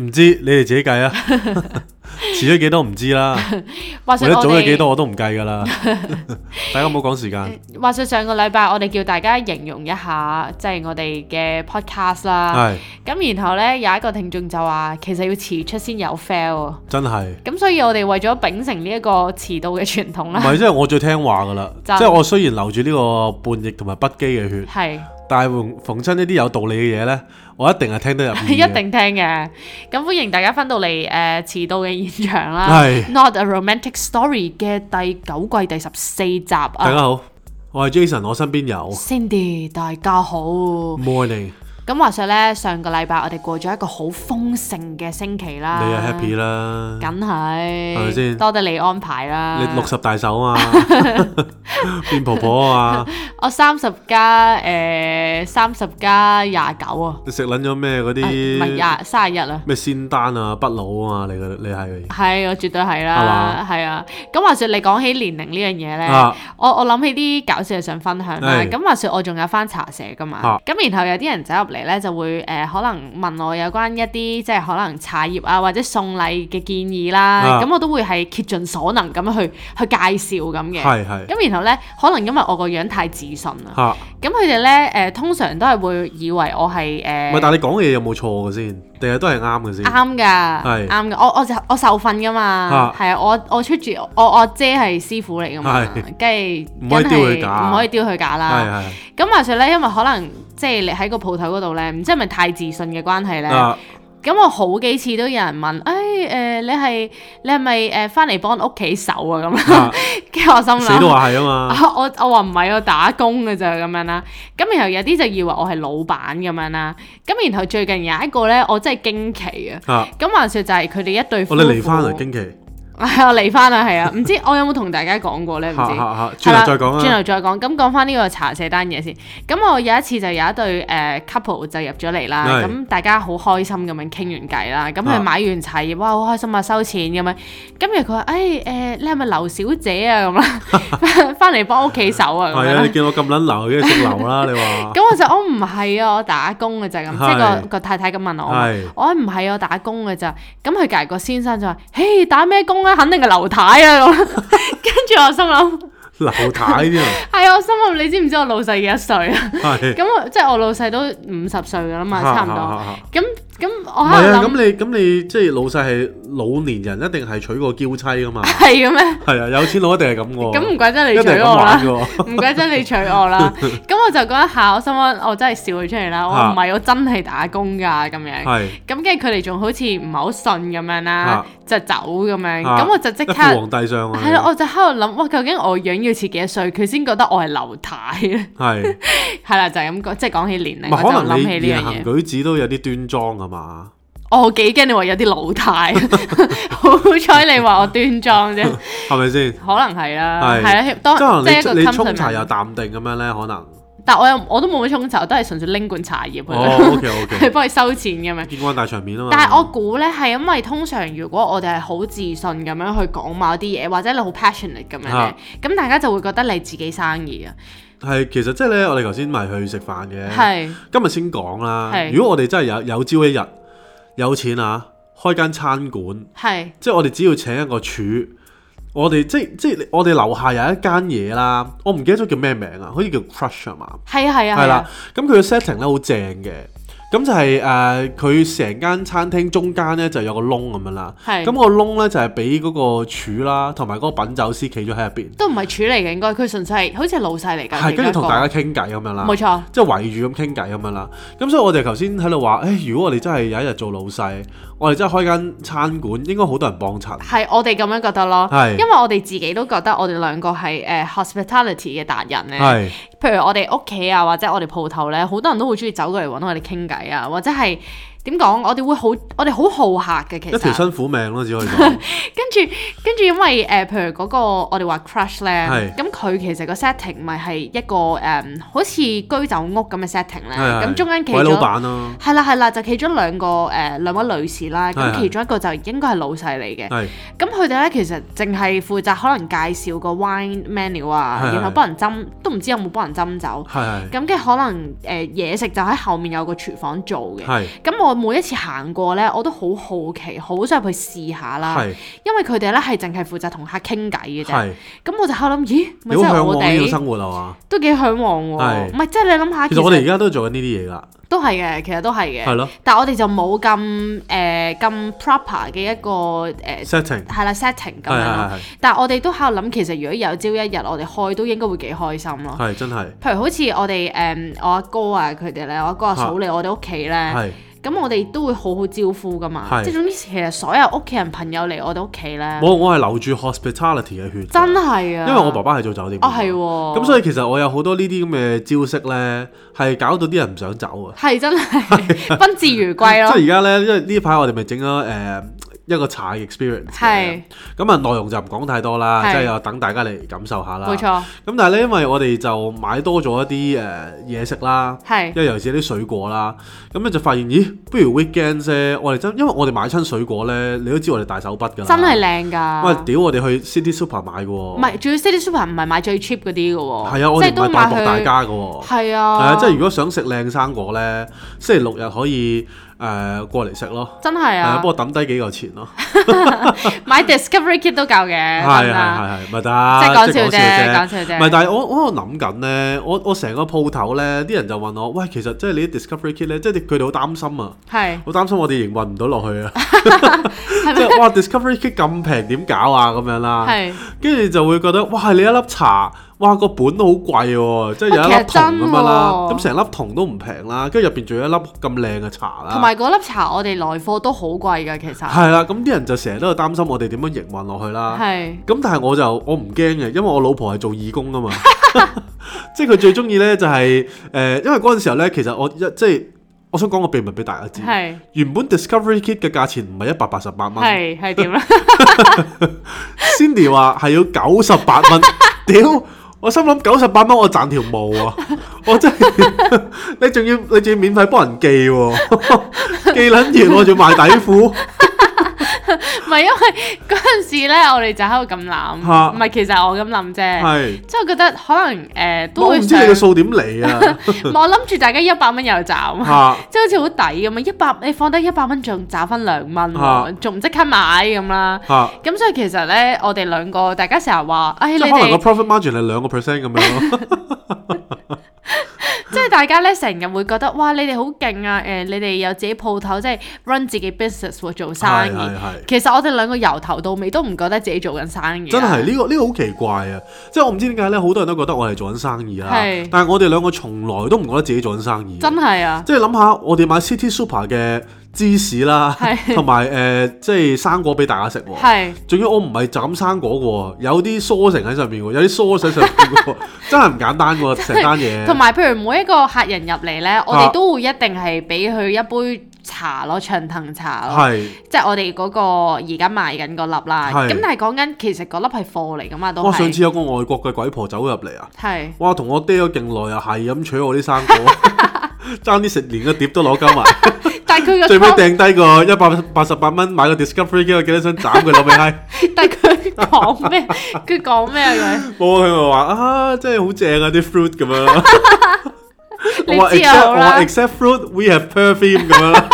唔知你哋自己計啊，遲咗幾多唔知啦。或者早咗幾多我都唔計噶啦。 大家唔好講時間。話說上個禮拜我哋叫大家形容一下，即係我哋嘅 podcast 啦。咁是，然後呢，有一個聽眾就話，其實要遲出先有 fail。真係。咁所以我哋為咗秉承遲呢一個遲到嘅傳統啦。唔係，即係我最聽話噶啦，即係就我雖然留住呢個叛逆同埋不羈嘅血。係。但係逢親呢啲有道理嘅嘢呢，我一定係聽得入耳。一定聽嘅，咁歡迎大家返到嚟誒遲到嘅現場啦。係《Not a Romantic Story》嘅第九季第十四集啊！大家好，我係 Jason，我身邊有 Cindy，大家好，Morning。咁話説咧，上個禮拜我哋過咗一個好豐盛嘅星期啦，你又 happy 啦，梗係，係咪先？多得你安排啦，你六十大壽啊嘛，變婆婆啊嘛，我三十加誒三十加廿九啊，你食撚咗咩嗰啲？唔係廿三廿一啊，咩仙丹啊不老啊嘛？你個你係，係我絕對係啦，係嘛？係啊，咁話説你講起年齡呢樣嘢咧，我我諗起啲搞笑嘅想分享啦。咁話説我仲有返茶社噶嘛，咁然後有啲人走入嚟。咧就會誒可能問我有關一啲即係可能茶葉啊或者送禮嘅建議啦，咁我都會係竭盡所能咁樣去去介紹咁嘅，係係。咁然後咧，可能因為我個樣太自信啦，嚇咁佢哋咧誒通常都係會以為我係誒，唔係但係你講嘅嘢有冇錯嘅先？定係都係啱嘅先？啱㗎，係啱㗎。我我我受訓㗎嘛，係啊，我我出住我我姐係師傅嚟㗎嘛，跟住唔可以丟佢架，唔可以丟佢架啦。係係。咁話説咧，因為可能。即係你喺個鋪頭嗰度咧，唔知係咪太自信嘅關係咧？咁、啊、我好幾次都有人問，誒、啊，誒、哎呃，你係你係咪誒翻嚟幫屋企手啊？咁，跟住我心諗，死都話係啊嘛！我我話唔係我打工㗎咋咁樣啦。咁然後有啲就以為我係老闆咁樣啦。咁然後最近有一個咧，我真係驚奇啊！咁、啊、話說就係佢哋一對夫，我哋嚟翻嚟驚奇。係 啊，嚟翻啦，係啊，唔知我有冇同大家講過咧？唔知。嚇嚇，轉頭再講。轉頭再講，咁講翻呢個茶社單嘢先。咁我有一次就有一對誒、uh, couple 就入咗嚟啦，咁大家好開心咁樣傾完偈啦，咁佢買完茶葉，哇，好開心啊，收錢咁樣。今日佢話：，誒、哎、誒、呃，你係咪劉小姐啊？咁啊，翻嚟幫屋企手啊。係啊，你見我咁撚流，梗係識流啦，你話。咁、 嗯、我就我唔係啊，我打工嘅就係、是、咁，即係、 那個 個,個太太咁問我， 我唔係、啊、我打工嘅咋。咁佢隔個先生就話：，嘿，打咩工肯定係劉太啊，跟住我心諗，劉太啊，係 我心諗、 啊、你知唔知我老細幾多歲啊？咁 我、 嗯、即係我老細都五十歲噶啦嘛， 差唔多咁。 咁我喺度諗，咁你咁你即係老細係老年人，一定係娶過嬌妻噶嘛？係嘅咩？係啊，有錢佬一定係咁喎。咁唔怪得你娶我啦，唔怪得你娶我啦。咁我就嗰一下，我心諗，我真係笑佢出嚟啦。我唔係，我真係打工噶咁樣。咁跟住佢哋仲好似唔係好信咁樣啦，就走咁樣。咁我就即刻皇帝上。係啦，我就喺度諗，哇！究竟我樣要似幾多歲，佢先覺得我係劉太咧？係。係啦，就係咁講，即係講起年齡，我就諗起呢樣嘢。言行舉止都有啲端莊咁。嘛，我幾驚你話有啲老態，好彩你話我端莊啫，係咪先？可能係啦，係啦，當然即係一個你沖茶又淡定咁樣咧，可能。但我又我都冇乜沖茶，都係純粹拎罐茶葉去，OK，OK 去幫佢收錢噶嘛。見慣大場面啊嘛。但係我估咧，係因為通常如果我哋係好自信咁樣去講某啲嘢，或者你好 passionate 咁樣咧，咁大家就會覺得你自己生意啊。係，其實即係咧，我哋頭先咪去食飯嘅。係，今日先講啦。係，如果我哋真係有有朝一日有錢啊，開間餐館。係係，即係我哋只要請一個廚，我哋即係即係我哋樓下有一間嘢啦，我唔記得咗叫咩名啊，好似叫 Crush 啊嘛。係啊係啊係啦，咁佢嘅 setting 咧好正嘅。咁就係、是、誒，佢、呃、成間餐廳中間咧就有個窿咁樣啦。係是，咁個窿咧就係俾嗰個柱啦，同埋嗰個品酒師企咗喺入邊。都唔係柱嚟嘅，應該佢純粹係好似老細嚟㗎。係是，跟住同大家傾偈咁樣啦。冇錯，即係圍住咁傾偈咁樣啦。咁所以我哋頭先喺度話，誒、哎，如果我哋真係有一日做老細。我哋真係開間餐館，應該好多人幫襯。係，我哋咁樣覺得咯。係是，因為我哋自己都覺得我哋兩個係誒、uh, hospitality 嘅達人咧。係是，譬如我哋屋企啊，或者我哋鋪頭咧，好多人都會鍾意走過嚟搵我哋傾偈啊，或者係。點講？我哋會好，我哋好豪客嘅，其實一條辛苦命咯，只可以講。跟住，跟住，因為誒，譬如嗰個我哋話 crush 咧，咁佢其實個 setting 咪係一個誒，好似居酒屋咁嘅 setting 咧。咁中間企咗板係啦，係啦，就企咗兩個誒兩位女士啦。咁其中一個就應該係老細嚟嘅。咁佢哋咧其實淨係負責可能介紹個 wine menu 啊，然後幫人斟，都唔知有冇幫人斟酒。係係。咁嘅可能誒嘢食就喺後面有個廚房做嘅。咁我。每一次行過咧，我都好好奇，好想去試下啦。係，因為佢哋咧係淨係負責同客傾偈嘅啫。係，咁我就喺度諗，咦，咪真係好哋生活都幾嚮往喎。都幾向往喎。係，唔係即係你諗下。其實我哋而家都做緊呢啲嘢㗎。都係嘅，其實都係嘅。係咯。但係我哋就冇咁誒咁 proper 嘅一個誒 setting。係啦，setting 咁樣。係係係。但係我哋都喺度諗，其實如果有朝一日我哋開，都應該會幾開心咯。係真係。譬如好似我哋誒我阿哥啊佢哋咧，我阿哥阿嫂嚟我哋屋企咧。係。咁我哋都會好好招呼㗎嘛，即係，是總之其實所有屋企人朋友嚟我哋屋企咧，我我係留住 hospitality 嘅血，真係啊，因為我爸爸係做酒店，啊、哦係喎，咁所以其實我有好多呢啲咁嘅招式咧，係搞到啲人唔想走啊，係真係賓至如歸咯，即係而家咧，因為呢排我哋咪整咗誒。呃一個茶嘅 experience 係，咁啊是、嗯、內容就唔講太多啦，即係又等大家嚟感受下啦。冇錯。咁、嗯、但係咧，因為我哋就買多咗一啲誒嘢食啦，係是，因為尤其是啲水果啦，咁、嗯、咧就發現，咦，不如 weekend 啫，我哋真因為我哋買親水果咧，你都知我哋大手筆㗎啦。真係靚㗎！哇，屌我哋去 City Super 買㗎喎。唔係，仲要 City Super 唔係買最 cheap 嗰啲㗎喎。係啊，我哋唔係拜託大家㗎喎、喔。係啊。係啊，即係如果想食靚生果咧，星期六日可以。誒過嚟食咯，真係啊！不過等低幾個錢咯，買 Discovery Kit 都夠嘅，係係係係，咪得？即係講笑啫，講笑啫，唔係但係我我喺度諗緊咧，我我成個鋪頭咧，啲人就問我，喂，其實即係你啲 Discovery Kit 咧，即係佢哋好擔心啊，係，好擔心我哋營運唔到落去啊，即係哇，Discovery Kit 咁平點搞啊咁樣啦，係，跟住就會覺得，哇，係你一粒茶。哇，個本都好貴喎，啊，即係有一粒銅咁樣，樣銅啦，咁成粒銅都唔平啦，跟住入邊仲有一粒咁靚嘅茶啦。同埋嗰粒茶，我哋嚟貨都好貴嘅，其實。係啦，啊，咁啲人就成日都有擔心我哋點樣營運落去啦。係是。咁但係我就我唔驚嘅，因為我老婆係做義工㗎嘛， 即係佢最中意咧就係、是、誒、呃，因為嗰陣時候咧，其實我一即係我想講個秘密俾大家知，係是原本 Discovery Kit 嘅價錢唔係一百八十八蚊，係係點咧？Cindy 話係要九十八蚊，屌！ 我心諗九十八蚊，我賺條毛啊！我真係， 你仲要，你仲要免費幫人寄啊， 寄撚完我仲要賣底褲。 唔係 因為嗰陣時咧，我哋就喺度咁諗，唔係其實我咁諗啫，即係是我覺得可能誒、呃、都會。唔知你個數點嚟？啊！ 我諗住大家一百蚊又賺，即係 好似好抵咁啊！一百你放低一百蚊，仲賺翻兩蚊，仲唔即刻買咁啦。咁 所以其實咧，我哋兩個大家成日話，誒，你哋個 profit margin 係兩個 percent 咁樣咯。 即係大家咧，成日會覺得哇，你哋好勁啊！誒、呃，你哋有自己鋪頭，即係 run 自己 business 喎，做生意。係係係，其實我哋兩個由頭到尾都唔覺得自己做緊生意，係係係。真係呢、呢個呢、呢個好奇怪啊！即係我唔知點解咧，好多人都覺得我哋做緊生意啦、啊。係但係我哋兩個從來都唔覺得自己做緊生意。真係啊！即係諗下，我哋買 City Super 嘅。芝士啦，同埋誒，即係生果俾大家食喎。係，仲要我唔係就咁生果嘅，有啲梳成喺上面嘅，有啲梳喺上面嘅，真係唔簡單喎，成單嘢。同埋譬如每一個客人入嚟呢，我哋都會一定係俾佢一杯茶咯，長藤茶咯，即係我哋嗰個而家賣緊嗰粒啦。咁但係講緊其實嗰粒係貨嚟㗎嘛，都。哇！上次有個外國嘅鬼婆走入嚟啊，係，哇！同我嗲咗勁耐啊，係咁取我啲生果，爭啲食連個碟都攞交埋。最尾掟低個一百八十八蚊買個 Discovery 機，我記得想斬佢攞俾閪。但佢講咩？佢講咩嘅？我聽佢話啊，真係好正啊，啲 fruit 咁樣。我 except 我 except fruit，we have perfume 咁樣。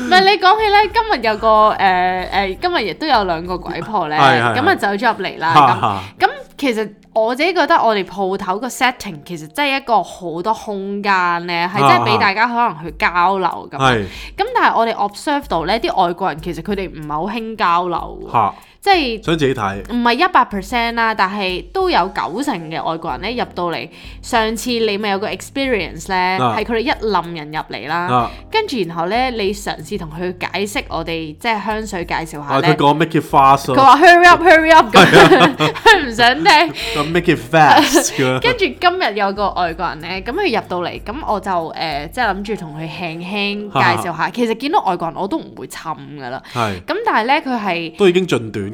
唔係你講起咧，今日有個誒誒，今日亦都有兩個鬼婆咧，咁啊走咗入嚟啦。咁其實。我自己覺得我哋鋪頭個 setting 其實真係一個好多空間咧，係真係俾大家可能去交流咁。咁、啊、但係我哋 observe 到咧，啲外國人其實佢哋唔係好興交流。啊。即係想自己睇，唔係一百 percent 啦，但係都有九成嘅外國人咧入到嚟。上次你咪有個 experience 咧，係佢哋一冧人入嚟啦，跟住然後咧你嘗試同佢解釋我哋即係香水介紹下咧。佢講 make it fast，佢話 hurry up，hurry up，佢唔想聽。咁 make it fast 嘅。跟住今日有個外國人咧，咁佢入到嚟，咁我就誒即係諗住同佢輕輕介紹下。其實見到外國人我都唔會沉噶啦。係。咁但係咧佢係都已經盡短。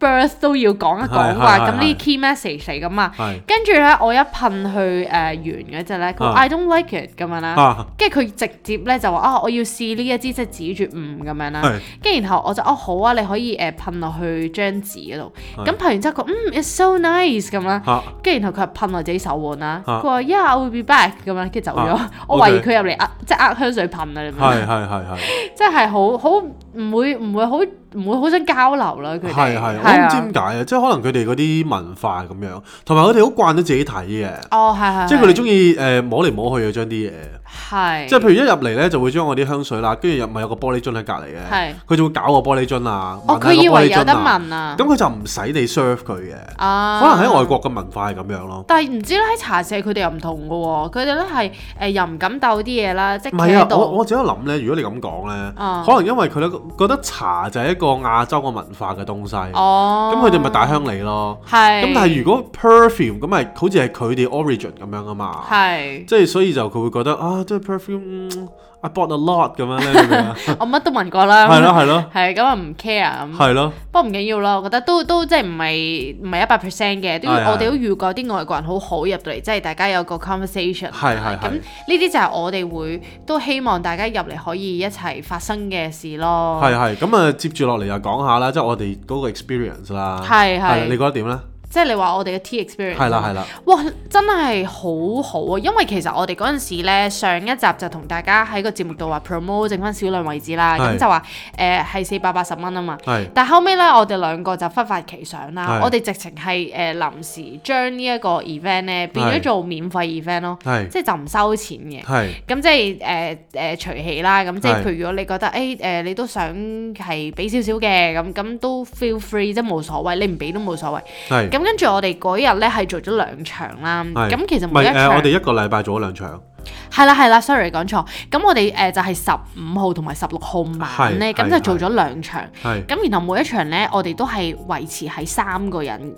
Birth 都要講一講話，咁呢啲 key message 嚟噶嘛。跟住咧，我一噴去誒完嗰隻咧，佢話 I don't like it 咁樣啦。跟住佢直接咧就話啊，我要試呢一支即係指住唔咁樣啦。跟住然後我就哦好啊，你可以誒噴落去張紙嗰度。咁噴完之後佢嗯 it's so nice 咁啦。跟住然後佢噴落自己手腕啦，佢話 Yeah I will be back 咁樣，跟住走咗。我懷疑佢入嚟即係呃香水噴啊。係係即係，係好好。唔會唔會好唔會好想交流啦，佢哋，係係我唔知點解啊，即係可能佢哋嗰啲文化咁樣，同埋佢哋好慣咗自己睇嘅，哦係係，是是即係佢哋鍾意誒摸嚟摸去嘅將啲嘢。係，即係譬如一入嚟咧，就會將我啲香水啦，跟住入咪有個玻璃樽喺隔籬嘅，佢就會搞個玻璃樽啊，佢以為有得聞啊。咁佢就唔使你 serve 佢嘅，可能喺外國嘅文化係咁樣咯。但係唔知咧喺茶社佢哋又唔同噶，佢哋咧係誒又唔敢鬥啲嘢啦，即係我我自己諗咧，如果你咁講咧，可能因為佢咧覺得茶就係一個亞洲嘅文化嘅東西，咁佢哋咪大鄉里咯。咁但係如果 perfume 咁係好似係佢哋 origin 咁樣啊嘛，即係所以就佢會覺得啊。即係 perfume，I、嗯、bought a lot 咁樣咧， 我乜都聞過啦，係咯係咯，係咁啊唔 care 咁，係咯。不，的不過唔緊要啦。我覺得都都即係唔係唔係一百 percent 嘅，都，都的我哋都預過啲外國人好好入到嚟，即係大家有個 conversation，係係的。咁呢啲就係我哋會都希望大家入嚟可以一齊發生嘅事咯。係係，咁啊接住落嚟又講下啦，即、就、係、是、我哋嗰個 experience 啦，係係的的，你覺得點咧？即係你話我哋嘅 tea experience 係啦係啦，哇真係好好啊！因為其實我哋嗰陣時咧，上一集就同大家喺個節目度話 promote 剩翻少量位置啦，咁對就話誒係四百八十蚊啊嘛，對但後尾咧我哋兩個就忽發奇想啦，對我哋直情係誒臨時將呢一個 event 咧變咗做免費 event 咯、喔，對即係就唔收錢嘅，咁即係誒誒隨喜啦。咁即係譬如，如果你覺得誒誒、哎呃、你都想係俾少少嘅，咁咁都 feel free 即係冇所謂，你唔俾都冇所謂，咁。跟住我哋嗰日咧，係做咗兩場啦，咁是其實每一場，唔係誒，我哋一個禮拜做咗兩場，係啦係啦，sorry 講錯，咁我哋誒、呃、就係十五號同埋十六號晚咧，咁是就做咗兩場，咁然後每一場咧我哋都係維持喺三個人。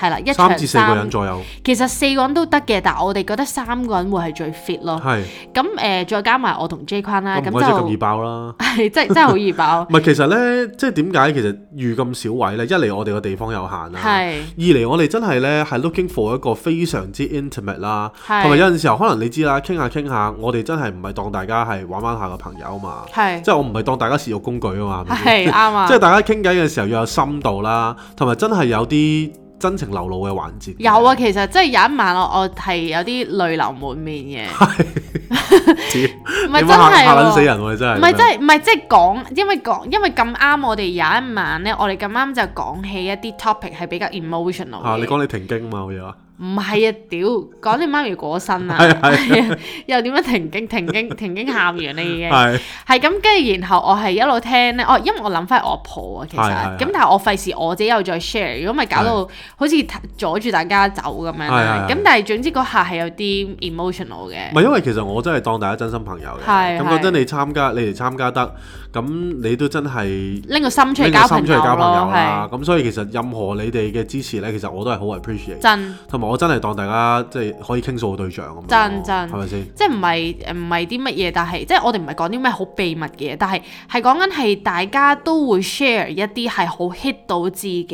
係啦，三至四個人左右，其實四個人都得嘅，但係我哋覺得三個人會係最 fit 咯。係咁誒，再加埋我同 J 坤啦，咁就咁易爆啦，係真真係好易爆。唔係其實咧，即係點解其實遇咁少位咧？一嚟我哋個地方有限啊，係二嚟我哋真係咧係 looking for 一個非常之 intimate 啦，同埋有陣時候可能你知啦，傾下傾下，我哋真係唔係當大家係玩玩下嘅朋友啊嘛，係即係我唔係當大家是用工具啊嘛，係啱啊，即係大家傾偈嘅時候要有深度啦，同埋真係有啲。真情流露嘅環節有啊，嗎其實即係、即係、有一晚我我係有啲淚流滿面嘅 啊。唔係 真係、啊、嚇撚死人喎、啊！真係唔係真係唔係即係講，因為講因為咁啱我哋有一晚咧，我哋咁啱就講起一啲 topic 係比較 emotional 嘅啊，你講你停經冇嘢啊？唔係啊！屌，講你媽咪過身啊，又點樣停經？停經？停經！喊完你已經係係咁，跟住然後我係一路聽呢，哦，因為我諗翻我婆啊，其實咁，但係我費事我自己又再 share，如果咪搞到好似阻住大家走咁樣啦。咁但係總之嗰下係有啲 emotional 嘅。唔係因為其實我真係當大家真心朋友嘅。咁覺得你參加你哋參加得咁，你都真係拎個心出嚟交朋友啦。咁所以其實任何你哋嘅支持呢，其實我都係好 appreciate。真同埋。我真係當大家即係可以傾訴嘅對象咁，真真係咪先？即係唔係誒唔係啲乜嘢？但係即係我哋唔係講啲咩好秘密嘅嘢，但係係講緊係大家都會 share 一啲係好 hit 到自己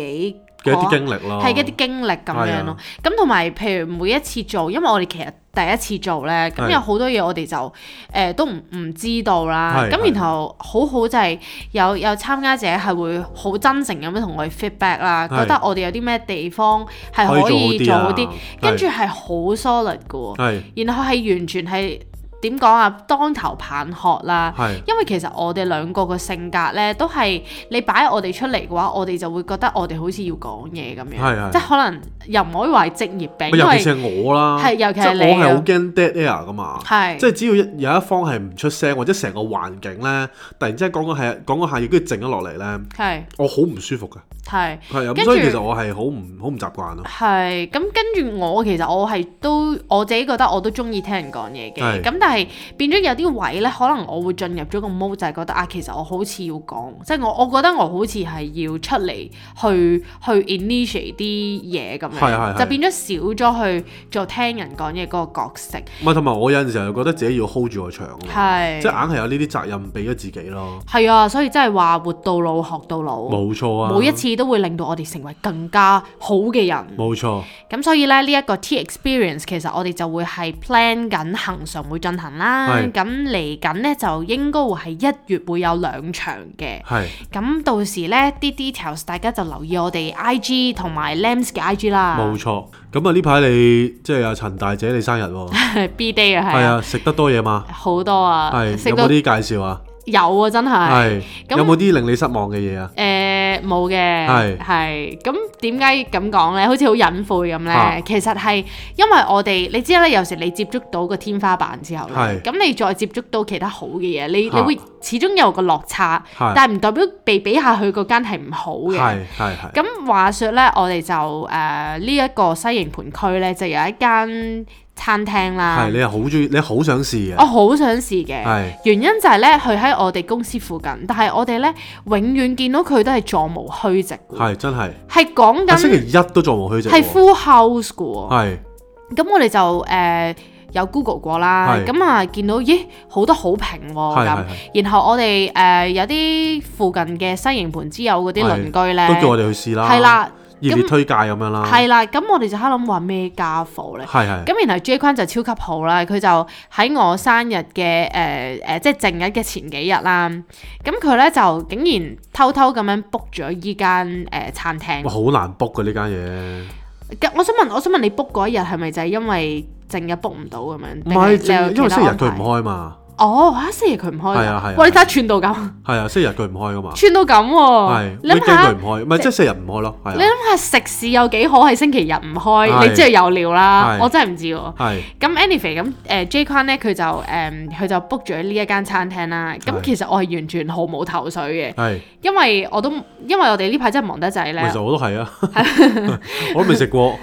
嘅一啲經歷咯，係一啲經歷咁樣咯。咁同埋譬如每一次做，因為我哋其實。第一次做呢，咁有好多嘢我哋就誒、呃、都唔唔知道啦。咁是 然後好好就係有有參加者係會好真誠咁樣同我哋 feedback 啦，是 覺得我哋有啲咩地方係可以做好啲，跟住係好 solid 㗎、啊。Sol 是 然後係完全係。點講啊？當頭棒喝啦，因為其實我哋兩個嘅性格咧，都係你擺我哋出嚟嘅話，我哋就會覺得我哋好似要講嘢咁樣，即係可能又唔可以話係職業病。尤其是我啦，係，尤其是我係好驚 dead air 噶嘛，即係只要有一方係唔出聲，或者成個環境咧，突然之間講緊係講緊下嘢，跟住靜咗落嚟咧，我好唔舒服嘅，係係咁，所以其實我係好唔好唔習慣咯。係咁，跟住我其實我係都我自己覺得我都中意聽人講嘢嘅，咁但係。係變咗有啲位咧，可能我會進入咗個 mode，就係覺得啊，其實我好似要講，即係我我覺得我好似係要出嚟去去 initiate 啲嘢咁樣，是是是就變咗少咗去做聽人講嘢個角色。唔係同埋我有陣時候覺得自己要 hold 住個場，係是即係硬係有呢啲責任俾咗自己咯。係啊，所以真係話活到老學到老，冇錯啊，每一次都會令到我哋成為更加好嘅人，冇錯錯，咁所以咧呢一個 T experience 其實我哋就會係 plan 緊恆常會進。行啦，咁嚟緊呢，就應該會係一月會有兩場嘅，咁的到時呢啲 details 大家就留意我哋 IG 同埋 Lams 嘅 IG 啦。冇錯，咁啊，呢排你即係阿陳大姐你生日喎、啊、 B-day 啊，係啊，食得多嘢嘛，好多啊，有冇啲介紹啊？有啊，真係是那有冇啲令你失望嘅嘢啊？誒，冇嘅，係係咁。點解咁講咧？好似好隱晦咁咧。其實係因為我哋，你知啦，有時你接觸到個天花板之後咧，咁是你再接觸到其他好嘅嘢，你、啊、你會始終有個落差，是但係唔代表被比下去嗰間係唔好嘅。係係係。咁話說咧，我哋就誒呢一個西營盤區咧，就有一間，餐廳啦，係你係好鍾意，你好想試嘅。我好想試嘅，係原因就係咧，佢喺我哋公司附近，但係我哋咧永遠見到佢都係座無虛席。係真係，係講緊。我星期一都座無虛席。係 full house 嘅喎。係，咁我哋就誒有 Google 過啦，咁啊見到咦好多好評喎咁，然後我哋誒有啲附近嘅西營盤之友嗰啲鄰居咧，都叫我哋去試啦。係啦。特別那推介咁樣啦，係啦，咁我哋就喺度諗話咩家伙咧，係係的。咁然後 J 君就超級好啦，佢就喺我生日嘅誒誒，即係正日嘅前幾日啦。咁佢咧就竟然偷偷咁樣 book 咗依間誒餐廳。哇，好難 book 嘅呢間嘢。我想問，我想問你 book 嗰一日係咪就係因為正日 book 唔到咁樣？唔係是，就因為星期日退唔開嘛。哦，下星期日佢唔開，你睇下串到咁。係啊，星期日佢唔開噶嘛。串到咁，係你諗下佢唔開，唔係即係星期日唔開咯。你諗下食肆有幾好係星期日唔開，你知係有料啦。我真係唔知。係咁，anyway 咁，誒 J Kwan 咧佢就誒佢就 book 咗呢一間餐廳啦。咁其實我係完全毫冇頭緒嘅，係因為我都因為我哋呢排真係忙得滯咧。其實我都係啊，我都未食過。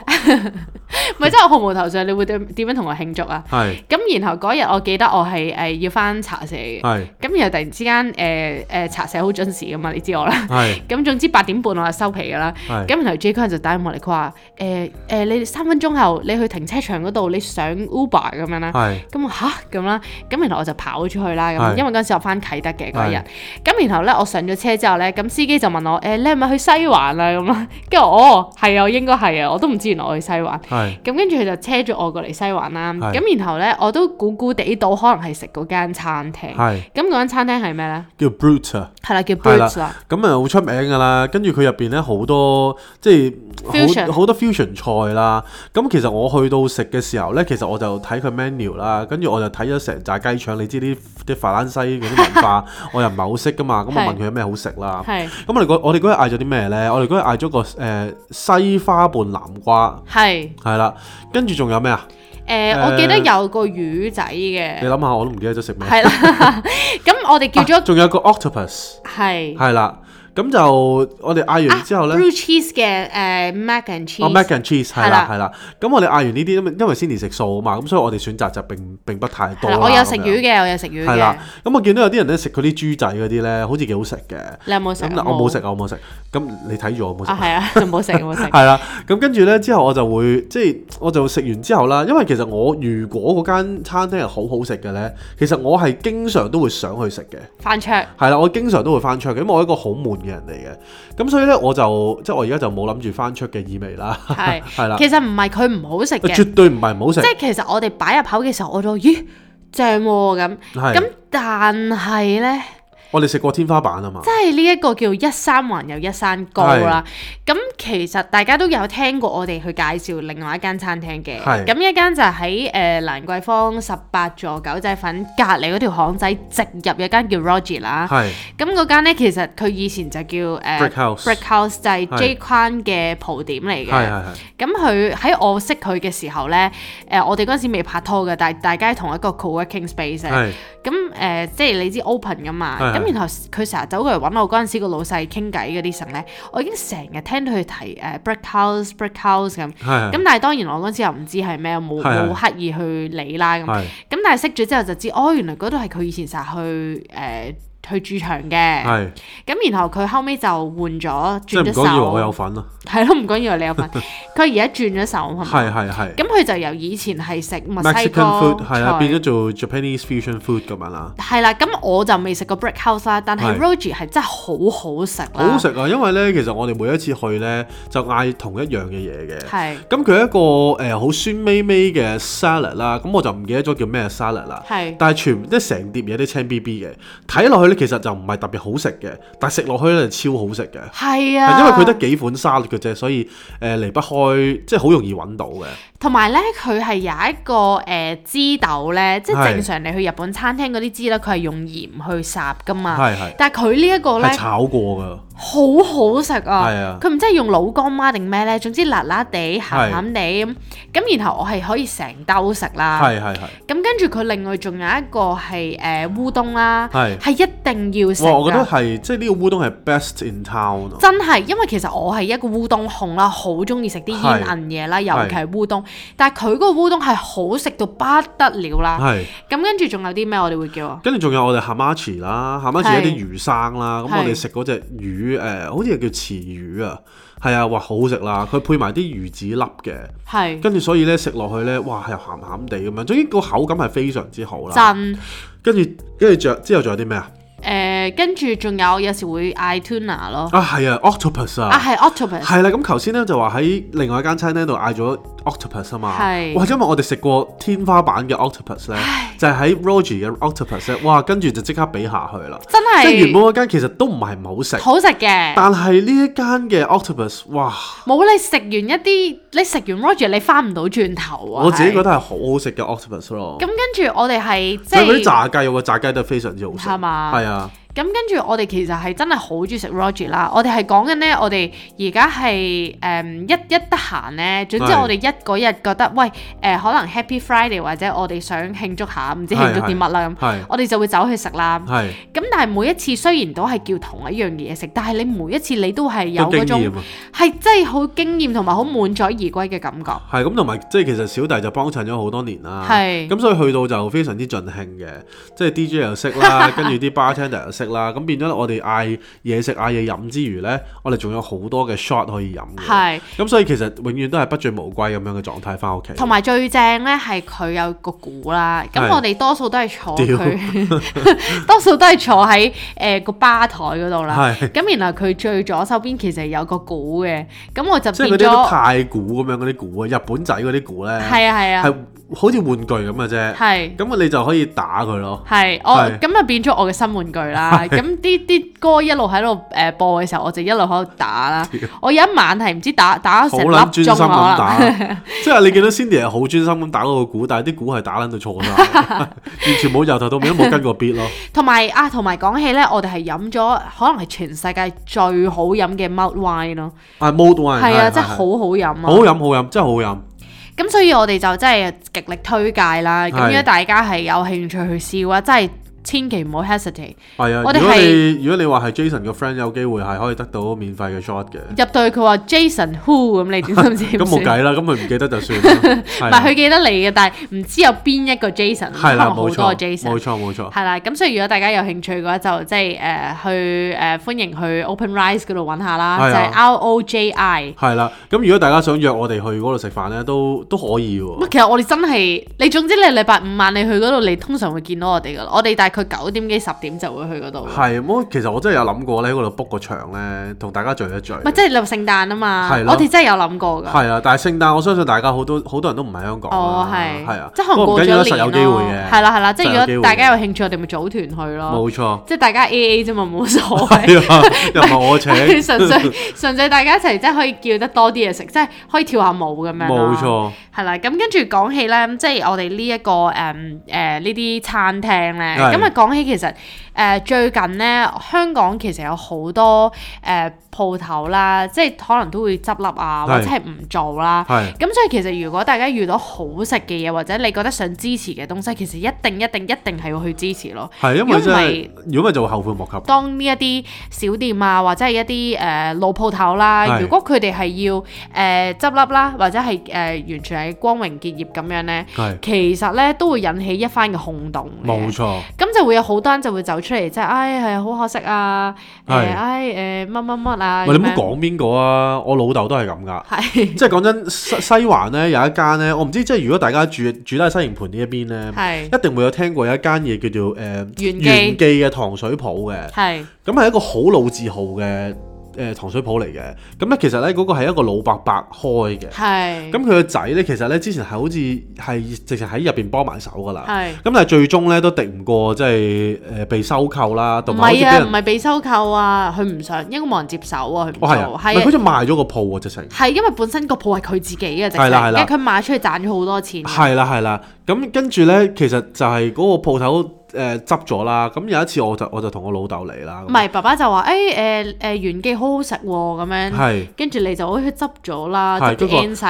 唔係即係毫無頭緒，你會點點樣同我慶祝啊？係咁是，然後嗰日我記得我係誒、呃、要翻茶社嘅，係咁是然後突然之間誒誒茶社好準時嘅嘛，你知我啦，係咁是總之八點半我就收皮嘅啦，咁是然後 J 哥就打電話嚟，佢話誒誒你三分鐘後你去停車場嗰度，你上 Uber 咁樣啦，係咁嚇咁啦，咁然、啊、然後我就跑出去啦，咁是因為嗰陣時我翻啟德嘅嗰一日，咁是然後咧我上咗車之後咧，咁司機就問我誒、呃、你係咪去西環啊咁啊？跟 住、哦、我係啊，應該係啊，我都唔知原來我去西環。咁跟住佢就車住我過嚟西環啦。咁是然後咧，我都估估地到，可能係食嗰間餐廳。係咁是，嗰間餐廳係咩咧？叫 Brut。係啦，叫 Brut 啦。咁啊，好出名噶啦。跟住佢入邊咧，好 Fusion 多即係好好多 fusion 菜啦。咁其實我去到食嘅時候咧，其實我就睇佢 menu 啦。跟住我就睇咗成紮雞腸。你知啲啲法蘭西嗰啲文化， 我又唔係好識噶嘛。咁我問佢有咩好食啦。係的。咁我哋嗰日嗌咗啲咩咧？我哋嗰日嗌咗個誒、呃、西花伴南瓜。係的。係啦的。跟住仲有咩啊？誒、呃，呃、我記得有個魚仔嘅。你諗下，我都唔記得咗食咩。係啦，咁我哋叫咗。仲有個 octopus 係。係。係啦。咁就我哋嗌完之後咧，blue cheese 嘅誒 mac and cheese，哦 mac and cheese 係啦係啦，咁我哋嗌完呢啲，因為因為 Cindy 食素啊嘛，咁所以我哋選擇就並並不太多。我有食魚嘅，我有食魚嘅。係啦，咁我見到有啲人咧食佢啲豬仔嗰啲咧，好似幾好食嘅。你有冇食？我冇食啊，我冇食。咁你睇住我冇食啊，係啊，冇食冇食。係啦，咁跟住咧之後我就會即係我就食完之後啦，因為其實我如果嗰間餐廳係好好食嘅咧，其實我係經常都會想去食嘅。翻桌係啦，我經常都會翻桌，因為我一個好悶，嘅人嚟嘅，咁所以咧，我就即係我而家就冇諗住翻出嘅意味啦，係係啦。其實唔係佢唔好食嘅，絕對唔係唔好食。即係其實我哋擺入口嘅時候，我都咦正咁、啊，咁是但係咧。我哋食過天花板啊嘛，即係呢一個叫一山還有一山高啦。咁其實大家都有聽過我哋去介紹另外一間餐廳嘅。咁一間就喺誒蘭桂坊十八座狗仔粉隔離嗰條巷仔直入，一間叫 Roger 啦。咁嗰間咧，其實佢以前就叫誒 Breakhouse，Breakhouse 就係 J 框嘅蒲點嚟嘅。咁佢喺我識佢嘅時候呢，誒我哋嗰陣時未拍拖嘅，但係大家喺同一個 co-working space。咁誒，即係你知 open 噶嘛？咁然後佢成日走過嚟揾我嗰陣時，個老細傾偈嗰啲神呢，我已經成日聽到佢提誒 Brickhouse、Brickhouse，呃、咁，咁的但係當然我嗰陣時又唔知係咩，冇冇的刻意去理啦咁。咁的但係識咗之後就知，哦原來嗰度係佢以前成日去誒。呃去駐場嘅，係咁，然後佢後尾就換咗轉手，唔好意思，以為我有份咯，係咯，唔好意思，以為你有份。佢而家轉咗手，係係係。咁佢就由以前係食墨西哥菜變咗做 Japanese fusion food 咁樣啦。係啦，咁我就未食過 Brickhouse 啦，但係 Roji 係真係好好食啦，好好食啊！因為咧，其實我哋每一次去咧，就嗌同一樣嘅嘢嘅，係。咁佢一個誒好酸微微嘅 salad 啦，咁我就唔記得咗叫咩 salad 啦，係。但係全即係成碟嘢都青 B B 嘅，睇落去咧。其實就唔係特別好食嘅，但係食落去咧超好食嘅。係啊，因為佢得幾款沙律嘅啫，所以誒、呃、離不開，即係好容易揾到嘅。同埋呢，佢係有一個誒、呃、枝豆呢，是即係正常你去日本餐廳嗰啲枝豆咧，佢係用鹽去殺㗎嘛。係係，但係佢呢一個呢，炒過㗎。好好食啊！係啊。佢唔知係用老乾媽定咩咧，總之辣辣地、鹹鹹地咁。咁然後我係可以成兜食啦。係係係。咁跟住佢另外仲有一個係誒烏冬啦，係一定要食。我覺得係，即係呢個烏冬係 best in town。真係，因為其實我係一個烏冬控啦，好中意食啲煙韌嘢啦，尤其係烏冬。但係佢個烏冬係好食到不得了啦。係。咁跟住仲有啲咩？我哋會叫啊。跟住仲有我哋蛤媽池 hamachi 啦，hamachi 有啲魚生啦。咁我哋食嗰隻魚。誒、呃，好似係叫池魚啊，係啊，話好食啦，佢配埋啲魚子粒嘅。係是，跟住所以咧食落去咧，哇，又鹹鹹地咁樣，總之個口感係非常之好啦，真、嗯，跟住跟住仲之後仲有啲咩、呃、啊？誒、啊，跟住仲有有時會嗌 tuna 咯，啊係啊，octopus 啊係 octopus，係啦，咁頭先咧就話喺另外一間餐廳度嗌咗。octopus 啊嘛，或者 Oct 係因為我哋食過天花板嘅 octopus 咧係，就係喺 Roger 嘅 octopus 咧，哇！跟住就即刻比下去啦，真係即係原本嗰間其實都唔係唔好食，好食嘅。但係呢一間嘅 octopus，哇！冇你食完一啲，你食完 Roger 你翻唔到轉頭啊！我自己覺得係好好食嘅 octopus 咯。咁跟住我哋係即係啲炸雞有個炸雞都非常之好食，係嘛吧？係啊。咁跟住我哋其實係真係好中意食 Roger 啦，我哋係講緊呢，我哋而家係誒一一得閒呢，總之我哋一嗰日覺得喂誒，可能 Happy Friday 或者我哋想慶祝下，唔知慶祝啲乜啦咁，我哋就會走去食啦。咁但係每一次雖然都係叫同一樣嘢食，但係你每一次你都係有嗰種係真係好驚艷同埋好滿載而歸嘅感覺。係，咁同埋即係其實小弟就幫襯咗好多年啦，咁所以去到就非常之盡興嘅，即係 DJ 又識啦，跟住啲 bartender 又識。啦，咁變咗我哋嗌嘢食嗌嘢飲之餘咧，我哋仲有好多嘅 shot 可以飲嘅。係，咁所以其實永遠都係不醉無歸咁樣嘅狀態翻屋企。同埋最正咧係佢有個鼓啦，咁我哋多數都係坐佢，多數都係坐喺誒個吧台嗰度啦。係，咁然後佢最左手邊其實有個鼓嘅，咁我就即係嗰啲太鼓咁樣嗰啲鼓啊，日本仔嗰啲鼓咧。係啊係啊。好似玩具咁嘅啫，係咁啊！你就可以打佢咯。係，我咁啊，變咗我嘅新玩具啦。咁啲啲歌一路喺度誒播嘅時候，我就一路喺度打啦。我有一晚係唔知打打咗成粒鐘啊。即係你見到 Cindy 係好專心咁打嗰個鼓，但係啲鼓係打撚到錯曬，完全冇由頭到尾都冇跟過 beat 咯。同埋啊，同埋講起咧，我哋係飲咗可能係全世界最好飲嘅 Mulled Wine 咯，啊 Mulled Wine 係啊，真係好好飲，好飲好飲，真係好飲。咁所以我哋就真係極力推介啦，咁如果大家係有興趣去試嘅話，真係。千祈唔好 hesitate。係啊，我哋係如果你話係 Jason 嘅 friend，有機會係可以得到免費嘅 shot 嘅。入到去，佢話 Jason who 咁，你點知？咁冇計啦，咁佢唔記得就算啦。唔係佢記得你嘅，但係唔知有邊一個 Jason，有好多個 Jason。冇錯冇錯。係啦，咁所以如果大家有興趣嘅話，就即係誒去誒歡迎去 Open Rice 嗰度揾下啦，就係 R O J I。係啦，咁如果大家想約我哋去嗰度食飯咧，都都可以喎。其實我哋真係你，總之你禮拜五晚你去嗰度，你通常會見到我哋噶啦。我哋大。佢九點幾十點就會去嗰度。係，我其實我真係有諗過咧，喺嗰度 book 個場咧，同大家聚一聚。唔係即係聖誕啊嘛，我哋真係有諗過㗎。係啊，但係聖誕我相信大家好多好多人都唔喺香港。哦，係，係啊，即係過咗年啦，不過有機會嘅。係啦係啦，即係如果大家有興趣，我哋咪組團去咯。冇錯。即係大家 A A 啫嘛，冇所謂。又唔係我請。純粹純粹大家一齊，即係可以叫得多啲嘢食，即係可以跳下舞咁樣咯。冇錯。係啦，咁跟住講起咧，即係我哋呢一個誒誒呢啲餐廳咧。因為講起其實。誒最近咧，香港其實有好多誒鋪、呃、頭啦，即係可能都會執笠啊，或者係唔做啦。咁是的 所以其實如果大家遇到好食嘅嘢，或者你覺得想支持嘅東西，其實一定一定一定係要去支持咯。係因為如果唔係就會後悔莫及。當呢一啲小店啊，或者係一啲誒老鋪頭啦，是的 如果佢哋係要誒執笠啦，或者係誒、呃、完全係光榮結業咁樣咧，是的 的其實咧都會引起一番嘅轟動，冇錯。咁錯錯就會有好多人就會走出出嚟即係，唉、哎，係好可惜啊！係是，唉、哎，誒、哎，乜乜乜啊！唔係你唔好講邊個啊？我老豆都係咁噶，係是，即係講真，西西環咧有一間咧，我唔知即係如果大家住住喺西營盤呢一邊咧，係是，一定會有聽過有一間嘢叫做誒元、呃、記嘅糖水鋪嘅，係是，咁係一個好老字號嘅。誒糖水鋪嚟嘅，咁咧其實咧嗰個係一個老伯伯開嘅，咁佢個仔咧其實咧之前係好似係直情喺入邊幫埋手噶啦，咁係但係最終咧都敵唔過即係誒被收購啦，同埋唔係啊，唔係被收購啊，佢唔想，應該冇人接手啊，佢唔想，唔係佢就賣咗個鋪喎，直情係因為本身個鋪係佢自己嘅，係啦係啦，因為佢賣出去賺咗好多錢，係啦係啦，咁跟住咧其實就係嗰個鋪頭。誒執咗啦，咁有一次我就我就同我老豆嚟啦，唔係爸爸就話誒誒誒袁記好好食喎咁樣，跟住你就好去執咗啦，跟住就話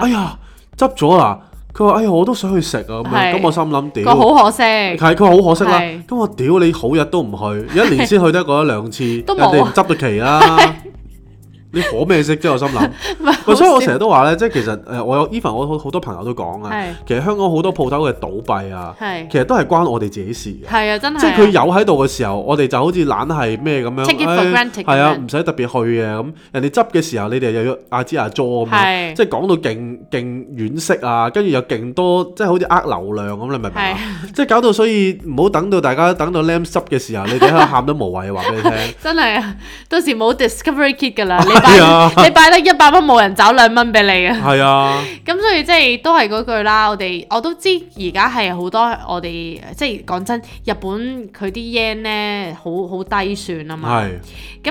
哎呀執咗啦，佢話哎呀我都想去食啊咁是樣，咁我心諗屌個好可惜，係佢話好可惜啦，咁我是屌你好日都唔去，是一年先去得嗰一兩次， 人哋唔執都奇啦。 你火咩色啫？我心諗，所以我成日都話咧，即係其實誒，我有 even 我好好多朋友都講啊，其實香港好多鋪頭嘅倒閉啊，其實都係關我哋自己事嘅，係啊，真係，即係佢有喺度嘅時候，我哋就好似懶係咩咁樣，係啊，唔使特別去嘅咁，人哋執嘅時候，你哋又要阿芝阿 jo 啊嘛，即係講到勁勁惋惜啊，跟住又勁多，即係好似呃流量咁，你明唔明？即係搞到所以唔好等到大家等到臨執嘅時候，你哋喺度喊都無謂，話俾你聽，真係啊，到時冇 discovery kit 㗎啦。 你擺得一百蚊，冇人找兩蚊俾你啊！係啊，咁所以即係都係嗰句啦。我哋我都知而家係好多我哋，即係講真，日本佢啲 yen 咧好好低算啊嘛。係是，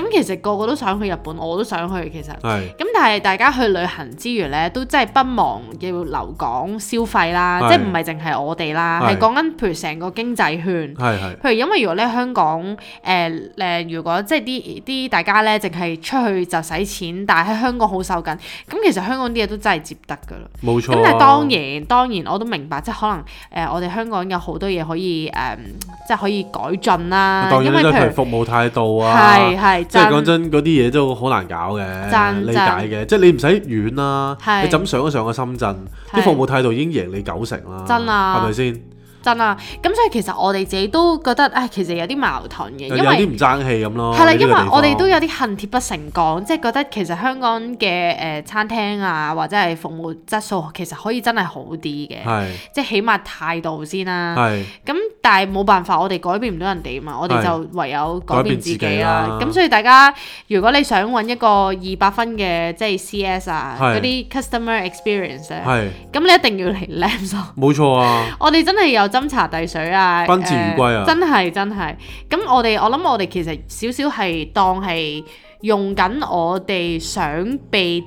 咁、嗯、其實個個都想去日本，我都想去，其實係。是嗯但係大家去旅行之餘咧，都真係不忘要留港消費啦，是即係唔係淨係我哋啦，係講緊譬如成個經濟圈。係係。譬如因為如果咧香港誒誒、呃，如果即係啲啲大家咧淨係出去就使錢，但係喺香港好受緊。咁其實香港啲嘢都真係接得㗎啦。冇錯、啊。咁但係當然當然我都明白，即係可能誒我哋香港有好多嘢可以誒、呃，即係可以改進啦。當然譬如服務態度啊，係係，即係講真嗰啲嘢都好難搞嘅，理解。即係你唔使遠啦，是你就咁上一上去深圳，啲是服務態度已經贏你九成啦，真啊，係咪先？真啊，咁所以其實我哋自己都覺得，唉，其實有啲矛盾嘅，因為唔爭氣咁咯。係啦，因為我哋都有啲恨鐵不成鋼，即係覺得其實香港嘅誒餐廳啊，或者係服務質素其實可以真係好啲嘅，即係起碼態度先啦。係。咁但係冇辦法，我哋改變唔到人哋啊嘛，我哋就唯有改變自己啦。咁所以大家，如果你想揾一個二百分嘅，即係 CS 啊，啲 customer experience 啊，係。咁你一定要嚟，冇錯啊！我哋真係有。斟茶遞水啊！賓至如歸啊！呃，真係真係。咁我哋我諗我哋其實少少係當係用緊我哋想被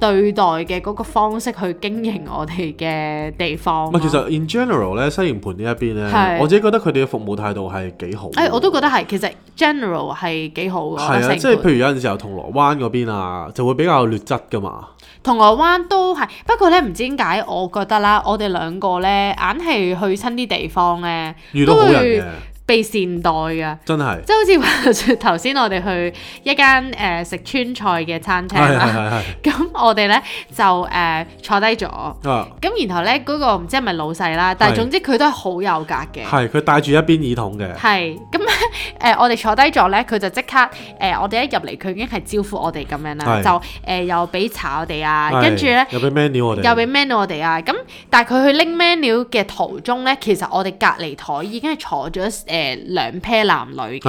對待嘅嗰個方式去經營我哋嘅地方啊。其實 in general 咧，西營盤呢一邊咧，係。我自己覺得佢哋嘅服務態度係幾好。誒、哎，我都覺得係，其實 general 係幾好。係啊，即係譬如有陣時候銅鑼灣嗰邊啊，就會比較劣質㗎嘛。銅鑼灣都係，不過咧唔知點解，我覺得啦，我哋兩個咧硬係去親啲地方咧，遇到好人嘅。被善待㗎，真係，即係好似話頭先， 我哋去一間誒食川菜嘅餐廳啦，咁、 嗯、我哋咧就誒、呃、坐低咗，咁然後咧嗰個唔知係咪老細啦，但係總之佢都係好有格嘅，係佢戴住一邊耳筒嘅，係， 咁誒我哋坐低咗咧，佢、呃、是就即刻誒我哋一入嚟，佢已經係招呼我哋咁樣啦，就誒又俾茶我哋啊，跟住咧又俾 menu 我哋，又俾 menu 我哋啊，咁但係佢去拎 menu 嘅途中咧，其實我哋隔離枱已經係坐咗。誒兩 pair 男女嘅，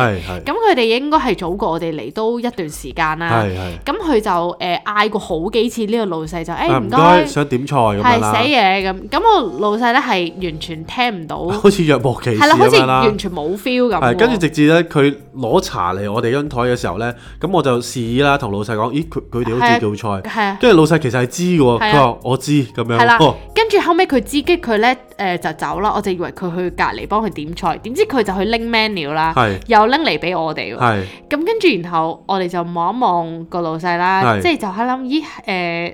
咁佢哋應該係早過我哋嚟到一段時間啦。咁佢就誒嗌過好幾次呢個老細就誒唔該，想點菜咁啦。係寫嘢咁，咁我老細咧係完全聽唔到，好似若無其事。咁樣啦。係啦，好似完全冇 feel 咁。跟住直接咧，佢攞茶嚟我哋張台嘅時候咧，咁我就示意啦，同老細講：咦，佢哋好似做菜。跟住老細其實係知嘅喎，佢話我知咁樣。係啦。跟住後尾，佢知激佢咧誒就走啦，我就以為佢去隔籬幫佢點菜，點知佢就。佢拎 menu 啦，是的 又拎嚟俾我哋，咁是的 跟住然後我哋就望一望個老細啦，是的 即係就喺諗，咦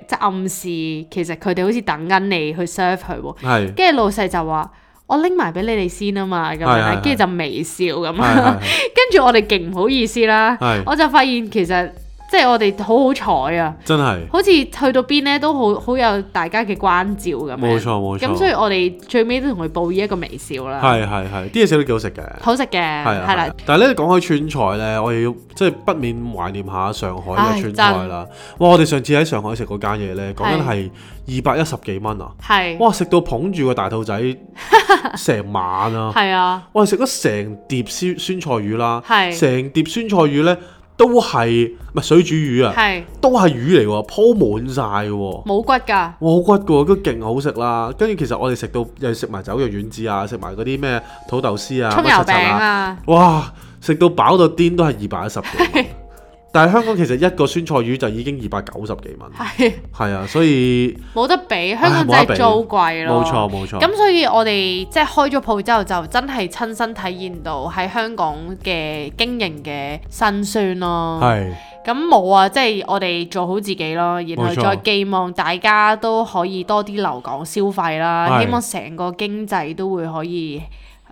誒，即、呃、暗示其實佢哋好似等緊你去 serve 佢，喔，跟住是的 老細就話我拎埋俾你哋先啊嘛，咁樣，跟住就微笑咁，跟住我哋勁唔好意思啦，是的 我就發現其實。即係我哋好好彩啊！真係，好似去到邊咧都好好有大家嘅關照咁樣，冇錯冇錯。咁所以我哋最尾都同佢報以一個微笑啦。係係係，啲嘢食都幾好食嘅，好食嘅係係啦。但係咧講開川菜咧，我哋要即係不免懷念下上海嘅川菜啦。哇！我哋上次喺上海食嗰間嘢咧，講緊係二百一十幾蚊啊。係哇，食到捧住個大肚仔成晚啊。係啊，哇！食咗成碟酸酸菜魚啦，係成碟酸菜魚咧。都係係水煮魚啊？係是都係魚嚟喎，鋪滿晒喎，冇骨㗎。冇骨嘅喎，都勁好食啦。跟住其實我哋食到又食埋酒釀丸子啊，食埋嗰啲咩土豆絲啊，乜柒柒啊，哇！食到飽到癲癲都係二百一十幾。 但係香港其實一個酸菜魚就已經二百九十幾蚊，係 啊，所以冇得比，香港唉真係租貴咯，冇錯冇錯。咁所以我哋即係開咗鋪之後，就真係親身體驗到喺香港嘅經營嘅辛酸咯。係咁冇啊，即係我哋做好自己咯，然後再寄望大家都可以多啲留港消費啦，是希望成個經濟都會可以誒、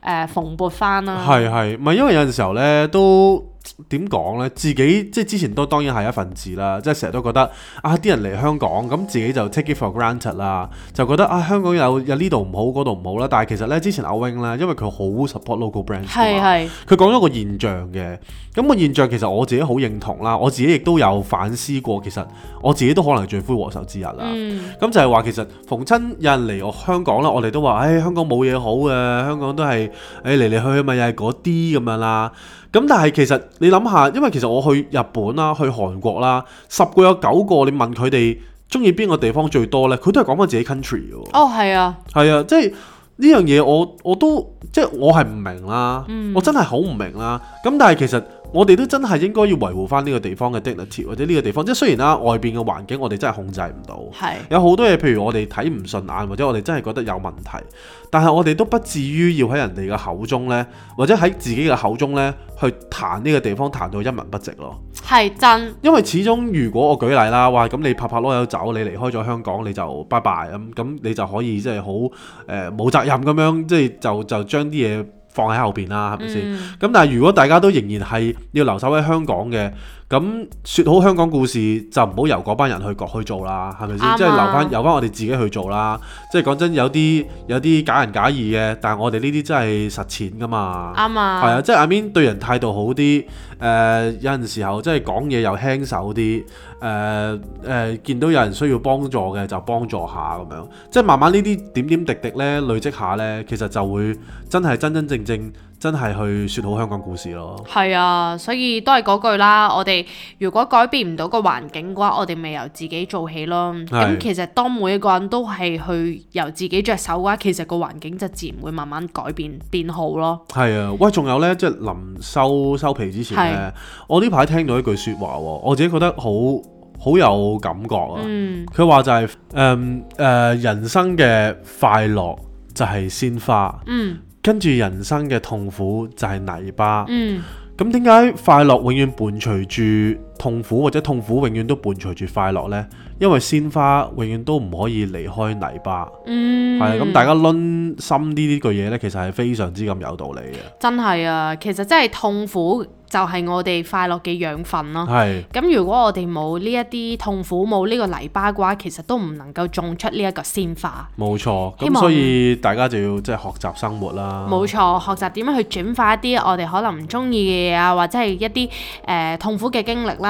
呃、蓬勃翻啦。係係，唔係因為有陣時候咧都。點講呢？自己即係之前都當然係一份子啦，即係成日都覺得啊，啲人嚟香港咁，自己就 take it for granted 啦，就覺得啊，香港有有呢度唔好，嗰度唔好啦。但係其實呢，之前阿 Wing 呢，因為佢好 support local brands 嘅嘛，佢是是 講咗個現象嘅。咁、嗯、個、嗯、現象其實我自己好認同啦，我自己亦都有反思過。其實我自己都可能係罪魁禍首之一啦。咁就係話其實逢親有人嚟我香港啦，我哋都話：唉，香港冇嘢好嘅，香港都係唉嚟嚟去去咪又係嗰啲咁樣啦。咁但係其實你諗下，因為其實我去日本啦、去韓國啦，十個有九個你問佢哋鍾意邊個地方最多呢？佢都係講翻自己 country 嘅。哦，係啊，係啊，即係呢樣嘢我我都即係我係唔明啦，嗯、我真係好唔明啦。咁但係其實，我哋都真係應該要維護翻呢個地方嘅 dignity 或者呢個地方，即係雖然啦外邊嘅環境我哋真係控制唔到，是有好多嘢，譬如我哋睇唔順眼或者我哋真係覺得有問題，但係我哋都不至於要喺人哋嘅口中呢，或者喺自己嘅口中呢去彈呢個地方彈到一文不值咯。係真，因為始終如果我舉例啦，話咁你拍拍籮柚走，你離開咗香港你就拜拜咁咁，你就可以即係好冇責任咁樣，即係就就將啲嘢。放喺後邊啦，係咪先？咁、嗯、但係如果大家都仍然係要留守喺香港嘅。咁説好香港故事就唔好由嗰班人去各去做啦，係咪先？對吧 即係留返由返我哋自己去做啦。即係講真，有啲有啲假仁假義嘅，但係我哋呢啲真係實踐㗎嘛。啱啊。對吧。係啊，即係阿 m i mean, 對人態度好啲，誒、呃、有陣時候即係講嘢又輕手啲，誒、呃、誒、呃、見到有人需要幫助嘅就幫助下咁樣。即係慢慢呢啲點點滴滴咧累積下咧，其實就會真係真真正正，正。真係去説好香港故事咯，係啊，所以都係嗰句啦。我哋如果改變唔到個環境嘅話，我哋咪由自己做起咯。咁其實當每一個人都係去由自己着手嘅話，其實個環境就自然會慢慢改變變好咯。係啊，喂，仲有呢？即係臨收收皮之前呢，是我呢排聽到一句説話喎，我自己覺得好好有感覺啊。佢話，嗯，就係誒誒人生嘅快樂就係鮮花。嗯。跟住人生嘅痛苦就係泥巴，咁點解快樂永遠伴隨住？痛苦或者痛苦永遠都伴隨住快樂咧，因為鮮花永遠都唔可以離開泥巴，係啊、嗯，咁、嗯、大家諗深呢啲句嘢咧，其實係非常之咁有道理嘅。真係啊，其實真係痛苦就係我哋快樂嘅養分咯、啊。係是，咁如果我哋冇呢一啲痛苦，冇呢個泥巴嘅話，其實都唔能夠種出呢一個鮮花。冇錯，咁、嗯、所以大家就要即係學習生活啦。冇錯，學習點樣去轉化一啲我哋可能唔中意嘅嘢啊，或者係一啲誒、呃、痛苦嘅經歷啦。